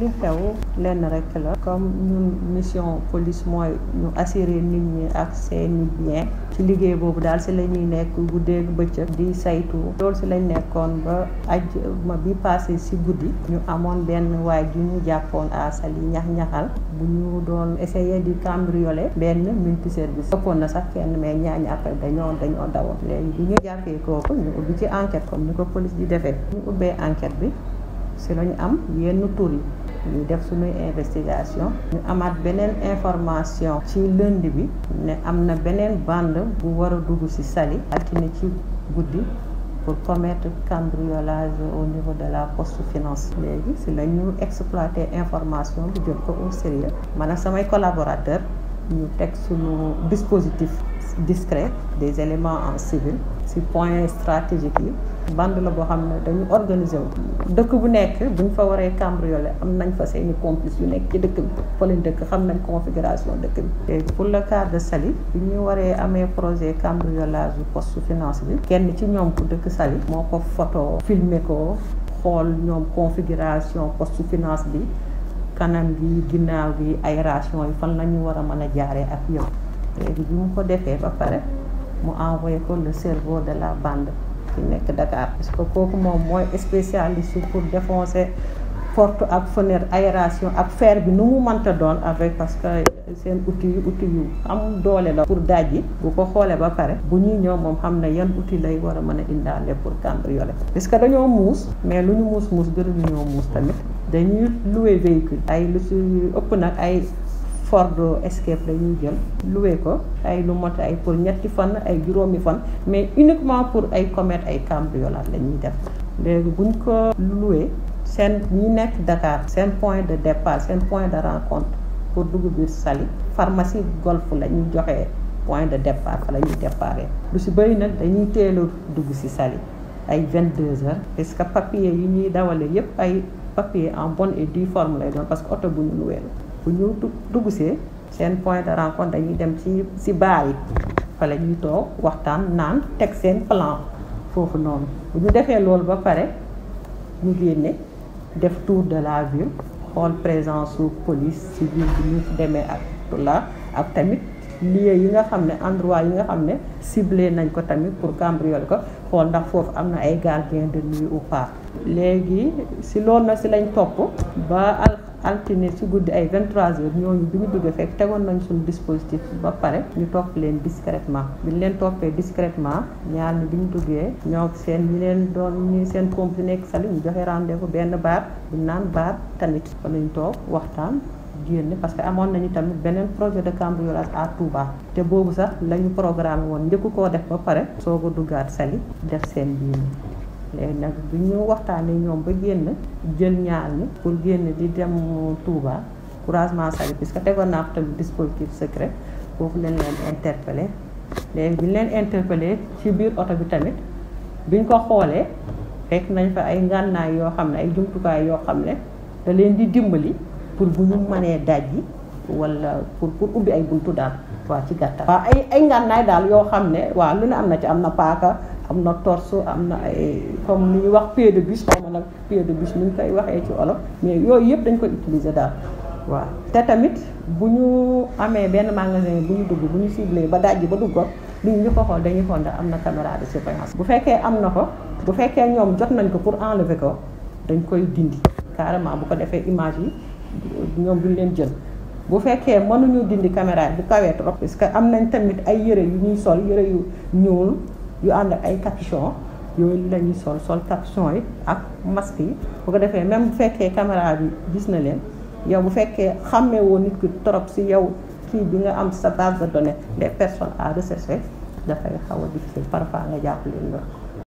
li xew lenn rek la comme ñu mission police mooy ñu assurer nit ñi ak seeni bien ci liggéey boobu daal si la nekk guddeeg bëccëg di saytu loolu si lañ nekkoon ba aj ma bi passé si guddi ñu amoon benn waay ju ñu jàppoon à yi ñax-ñaxal bu ñu doon essayer di cambrioler benn multiservice ëppoon na sax kenn mais ñaañu après dañoo dañoo dawoon léegi bi ñu jàppee kooku ñu ubbi ci enquête comme ni ko police di defee ñu ubbee enquête bi si lañu am yenn tur yi ñu def une investigation ñu amaat beneen information ci lundi bi ne am na beneen bande bu war a pour commettre cambriolage au niveau de la poste finance Nous si la ñu exploiter information bi jël au sérieux man ak samay collaborateur ñu teg suñu dispositif discret des éléments en civil si point stratégique bande la boo xam ne dañu organiser wu dëkk bu nekk buñ fa waree cambriolé am nañ fa seeni complice yu nekk ci dëkk bi fa leen dëkk xam nañ configuration dëkk bi te pour le cas de Sali bi ñu waree amee projet cambriolage bu poste finance bi kenn ci ñoom ku dëkk Sali moo ko photo filmer ko xool ñoom configuration poste finance bi kanam bi ginnaaw bi aération yi fan la ñu war a mën a jaaree ak yow léegi bi mu ko defee ba pare mu envoyé ko le cerveau de la bande ki nekk Dakar parce que kooku moom mooy spécialiste pour défoncer porte ak fenêtre aération ak fer bi nu mu mënta doon avec parce que seen outil yu outil yu am doole la pour daaj yi bu ko xoolee ba pare bu ñuy ñëw moom xam na yan outil lay war a mën a indaale pour cambrioler parce que dañoo muus mais lu ñu muus muus gënuñu ñoo muus tamit dañuy louer véhicule ay lu si ëpp nag ay Ford Escape la ñuy jël loué ko ay lu mot ay pour ñetti fan ay juróomi fan mais uniquement pour ay commettre ay cambriolage la ñuy def léegi buñ ko loué seen ñi nekk Dakar seen point de départ seen point de rencontre pour dugg biir Saly pharmacie Golf la ñuy joxee point de départ fa la ñuy déparé lu si bëri nag dañuy teel dugg si Saly ay 22 heures parce que papier yi ñuy dawale yépp ay papier en bonne et due forme lay doon parce que oto bu ñu loué la bu ñu dugg see seen point de rencontre dañuy dem ci si baal yi fa la toog waxtaan naan teg seen plan foofu noonu bu ñu defee loolu ba pare ñu génne def tour de la ville xool présence su police ci ville ñu demee ak la ak tamit lieu yi nga xam ne endroit yi nga xam ne ciblé nañ ko tamit pour cambrioler ko xool ndax foofu am na ay gardiens de nuit ou pas léegi si loolu na si lañ topp ba altine su guddi ay 23h ñooñu bi ñu dugg fekk tegoon nañ suñu dispositif ba pare ñu topp leen discrètement bi ñu leen toppee discrètement ñaar ñi bi ñu duggee ñoo seen ñi leen doon ñi seen si nekk sali ñu joxe rendez-vous benn baar bu naan baar tamit fa lañ toog waxtaan génn parce que amoon nañu tamit beneen projet de cambriolage à Touba te boobu sax la ñu programme woon njëkk koo def ba pare soog a duggaat sali def seen biir. léegi eh, nag bi ñu waxtaanee ñoom ba génn jël ñaar ñi pour génn di dem Touba croisement Sali puisque tegoon naa ko tamit dispositif secret foofu lañ leen interpellé léegi bi leen interpellé ci biir oto bi tamit biñ ko xoolee fekk nañ fa ay ngànnaay yoo xam ne ay jumtukaay yoo xam ne da leen di dimbali pour bu ñu mënee daj yi wala pour pour ubbi ay buntu daal waa ci gàttal. waaw ay ngànnaay daal yoo xam ne waa lu ne am na ci am na paaka. am na torse am na ay comme li ñuy wax pied de biche xaw ma nag pied de biche ni ñu koy waxee ci olof mais yooyu yëpp dañ koy utiliser daal waaw te tamit bu ñu amee benn magasin bu ñu dugg bu ñu ciblé ba dajji ba dugg ko li ñu ko xool dañuy xool ndax am na caméra de surveillance bu fekkee am na ko bu fekkee ñoom jot nañ ko pour enlever ko dañ koy dindi carrément bu ko defee image yi ñoom duñ leen jël bu fekkee mënuñu dindi caméra bu kawee trop parce que am nañ tamit ay yëre yu ñuy sol yëre yu ñuul yu ànd ak ay capuchon yooyu lañuy ñuy sol sol capuchon yi ak masque yi bu ko defee même bu fekkee caméra bi gis na leen yow bu fekkee xàmmee woo nit ki trop si yow kii bi nga am sa base de données des personnes à rechercher dafay xaw a difficile parfois nga jàpp leen loolu